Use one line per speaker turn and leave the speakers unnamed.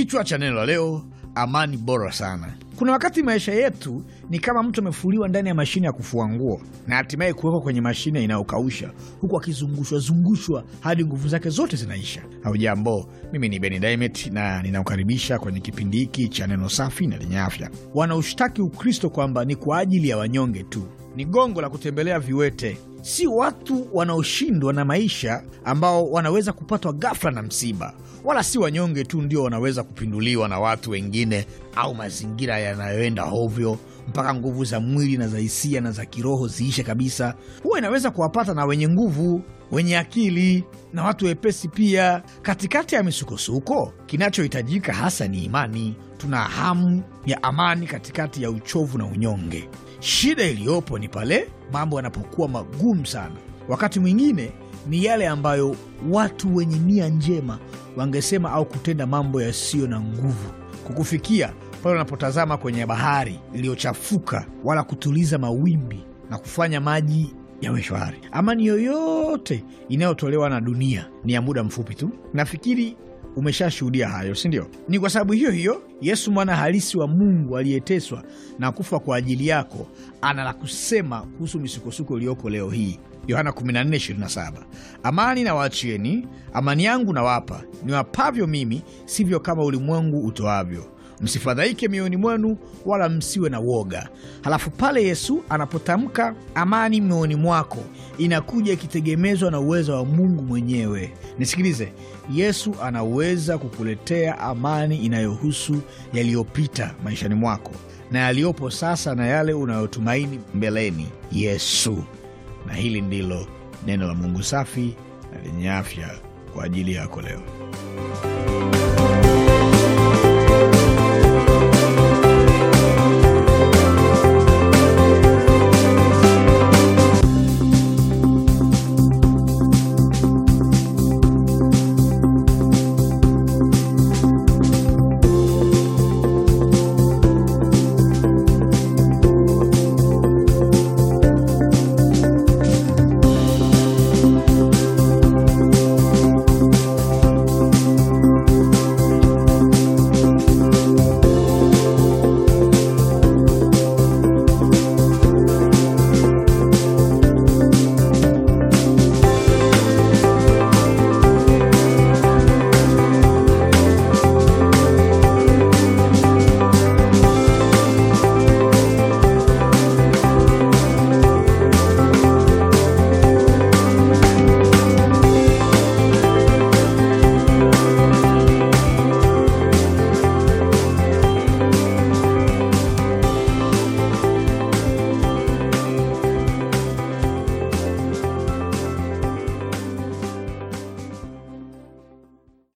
Kichwa cha neno la leo: amani bora sana. Kuna wakati maisha yetu ni kama mtu amefuliwa ndani ya mashine ya kufua nguo na hatimaye kuwekwa kwenye mashine inayokausha huku akizungushwa zungushwa hadi nguvu zake zote zinaisha. jambo mimi ni Beni Dimet na ninakukaribisha kwenye kipindi hiki cha neno safi na lenye afya. Wanaushtaki Ukristo kwamba ni kwa ajili ya wanyonge tu, ni gongo la kutembelea viwete, si watu wanaoshindwa na maisha ambao wanaweza kupatwa ghafla na msiba, wala si wanyonge tu ndio wanaweza kupinduliwa na watu wengine au mazingira yanayoenda hovyo mpaka nguvu za mwili na za hisia na za kiroho ziishe kabisa. Huwa inaweza kuwapata na wenye nguvu, wenye akili na watu wepesi pia. Katikati ya misukosuko, kinachohitajika hasa ni imani. Tuna hamu ya amani katikati ya uchovu na unyonge. Shida iliyopo ni pale mambo yanapokuwa magumu sana. Wakati mwingine ni yale ambayo watu wenye nia njema wangesema au kutenda mambo yasiyo na nguvu kukufikia pale unapotazama kwenye bahari iliyochafuka, wala kutuliza mawimbi na kufanya maji yawe shwari. Amani yoyote inayotolewa na dunia ni ya muda mfupi tu. Nafikiri umeshashuhudia hayo, si ndio? Ni kwa sababu hiyo hiyo Yesu mwana halisi wa Mungu aliyeteswa na kufa kwa ajili yako ana la kusema kuhusu misukosuko iliyoko leo hii. Yohana 14:27, amani na wachieni amani yangu nawapa, niwapavyo mimi, sivyo kama ulimwengu utoavyo msifadhaike mioyoni mwenu wala msiwe na woga. Halafu pale Yesu anapotamka amani mioyoni mwako, inakuja ikitegemezwa na uwezo wa Mungu mwenyewe. Nisikilize, Yesu anaweza kukuletea amani inayohusu yaliyopita maishani mwako na yaliyopo sasa na yale unayotumaini mbeleni. Yesu. Na hili ndilo neno la Mungu safi na lenye afya kwa ajili yako leo.